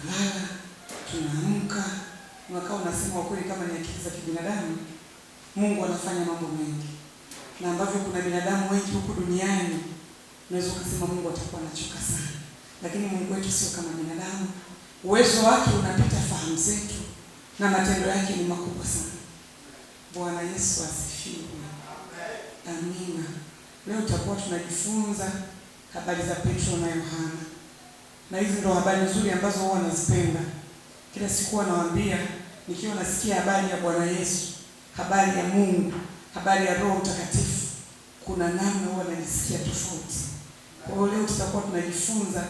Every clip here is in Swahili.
tunalala, tunaamka, unakaa unasema kweli, kama ni akili za kibinadamu, Mungu anafanya mambo mengi, na ambavyo kuna binadamu wengi huku duniani unaweza ukasema Mungu atakuwa anachoka sana, lakini Mungu wetu sio kama binadamu. Uwezo wake unapita fahamu zetu na matendo yake ni makubwa sana. Bwana Yesu asifiwe, amina. Leo tutakuwa tunajifunza habari za Petro na Yohana na hizi ndo habari nzuri ambazo huwa nazipenda. Kila siku anawaambia nikiwa nasikia habari ya Bwana Yesu, habari ya Mungu, habari ya Roho Mtakatifu, kuna namna huwa najisikia tofauti. Kwa hiyo leo tutakuwa tunajifunza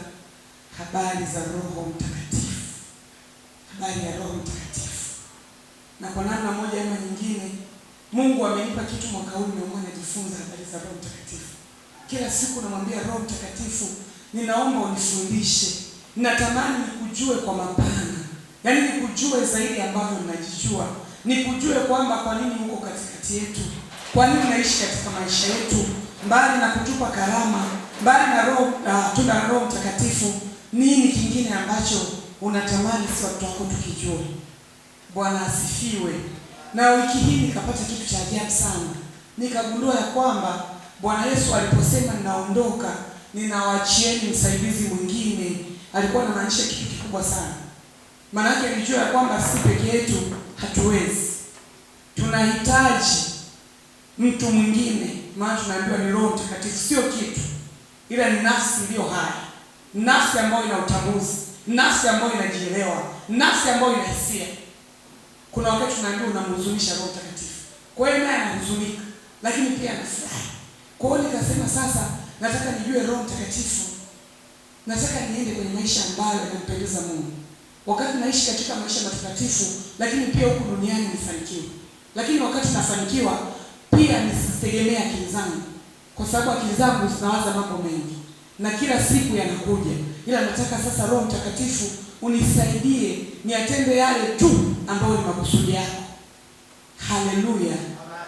habari za Roho Mtakatifu, habari ya Roho Mtakatifu. Na kwa namna moja ama nyingine, Mungu amenipa kitu mwaka huu, nimeamua najifunza habari za Roho Mtakatifu. Kila siku namwambia Roho Mtakatifu ninaomba unifundishe, ninatamani nikujue kwa mapana, yaani nikujue zaidi ambavyo ninajijua, nikujue kwamba kwa nini uko katikati yetu, kwa nini naishi katika maisha yetu, mbali na kutupa karama, mbali na roho uh, tuna Roho Mtakatifu, nini kingine ambacho unatamani si watu wako tukijua? Bwana asifiwe. Na wiki hii nikapata kitu cha ajabu sana, nikagundua ya kwamba Bwana Yesu aliposema ninaondoka ninawaachieni msaidizi mwingine. Alikuwa anamaanisha kitu kikubwa sana, maana yake alijua ya kwamba si peke yetu hatuwezi, tunahitaji mtu mwingine, maana tunaambiwa ni Roho Mtakatifu, sio kitu, ila ni nafsi iliyo hai, nafsi ambayo ina utambuzi, nafsi ambayo inajielewa, nafsi ambayo ina hisia. Kuna wakati tunaambiwa unamhuzunisha Roho Mtakatifu, kwa hiyo naye anahuzunika, lakini pia anafurahi. Kwa hiyo nikasema sasa nataka nijue Roho Mtakatifu, nataka niende kwenye maisha ambayo yanampendeza Mungu, wakati naishi katika maisha matakatifu, lakini pia huku duniani nifanikiwe. Lakini wakati nafanikiwa pia nisitegemee akili zangu, kwa sababu akili zangu zinawaza mambo mengi na kila siku yanakuja, ila nataka sasa Roho Mtakatifu unisaidie niatende yale tu ambayo ni makusudi yako. Haleluya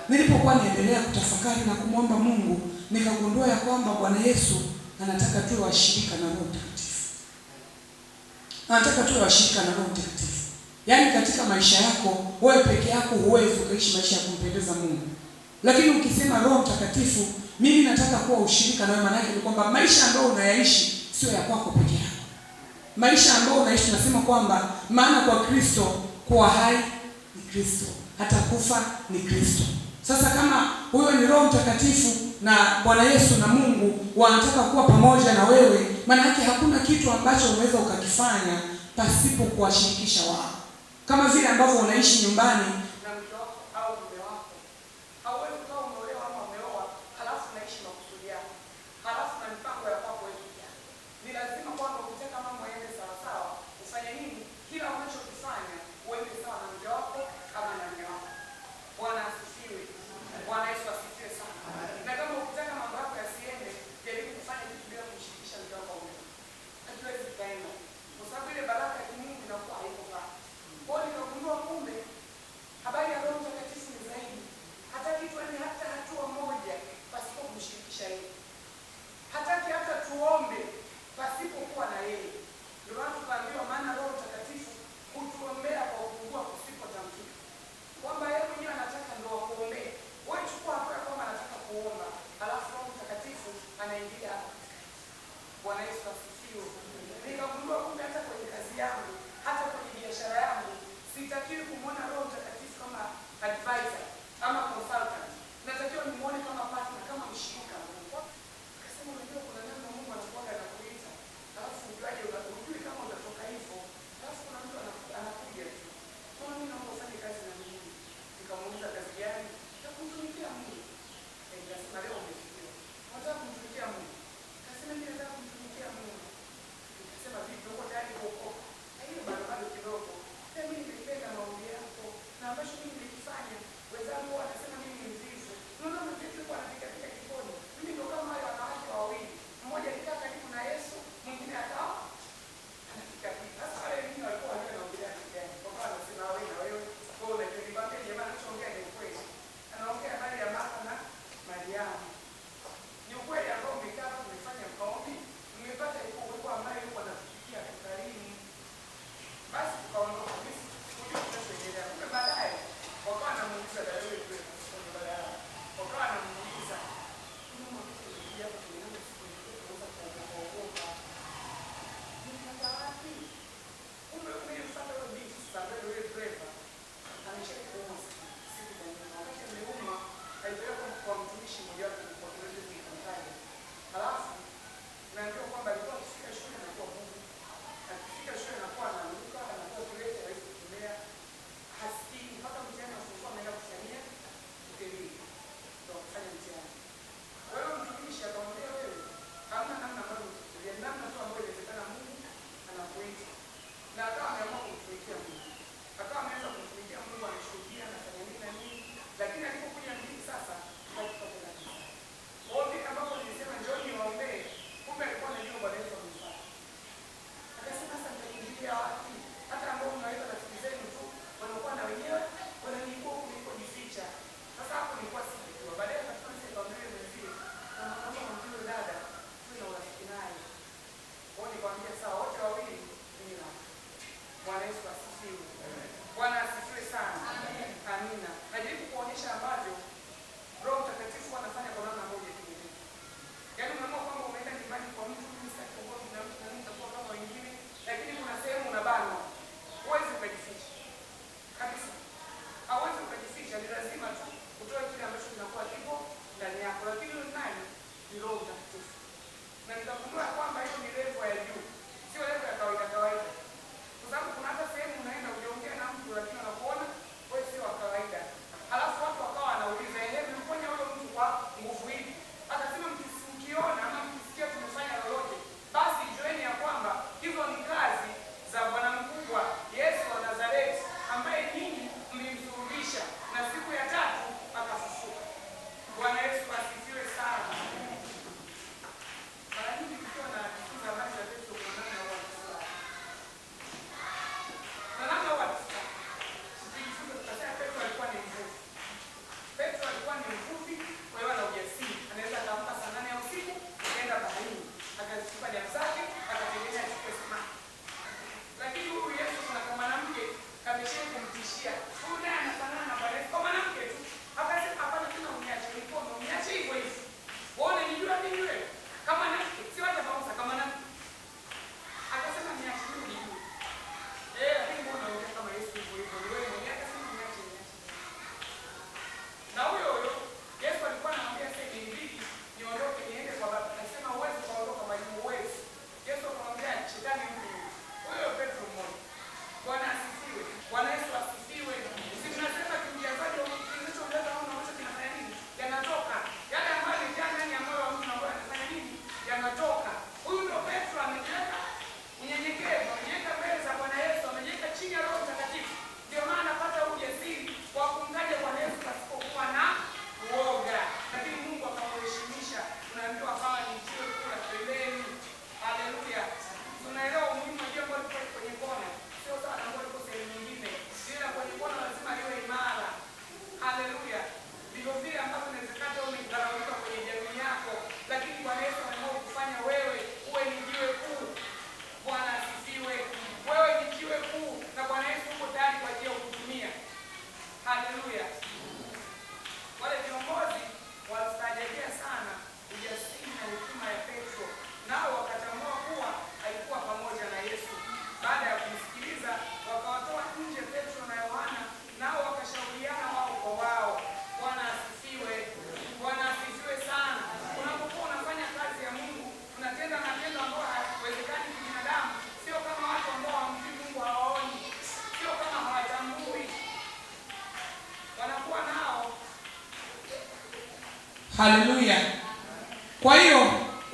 nilipokuwa niendelea kutafakari na kumwomba Mungu, nikagundua ya kwamba Bwana Yesu anataka tuwe washirika na Roho Mtakatifu, anataka tuwe washirika na Roho Mtakatifu. Yaani katika maisha yako wewe peke yako huwezi ukaishi maisha ya kumpendeza Mungu, lakini ukisema Roho Mtakatifu, mimi nataka kuwa ushirika nawe, maana yake ni kwamba maisha ambayo unayaishi sio ya kwako peke yako, maisha ambayo unaishi tunasema kwamba, maana kwa Kristo kuwa hai ni Kristo, hata kufa ni Kristo. Sasa kama huyo ni Roho Mtakatifu na Bwana Yesu na Mungu wanataka kuwa pamoja na wewe, maana yake hakuna kitu ambacho unaweza ukakifanya pasipo kuwashirikisha wao, kama vile ambavyo unaishi nyumbani shahidi, hataki hata tuombe pasipokuwa na yeye. Ndio maana tukaambiwa, maana Roho Mtakatifu hutuombea kwa ukungua kusipotamkika, kwamba yeye mwenyewe anataka ndio akuombee wewe. Chukua hapo kwamba anataka kuomba, alafu Roho Mtakatifu anaingia Bwana Yesu asifiwe. Nikagundua kumbe hata kwenye kazi yangu, hata kwenye biashara yangu sitakiwi kumwona Roho Mtakatifu kama advisor ama with someone Aleluya. Kwa hiyo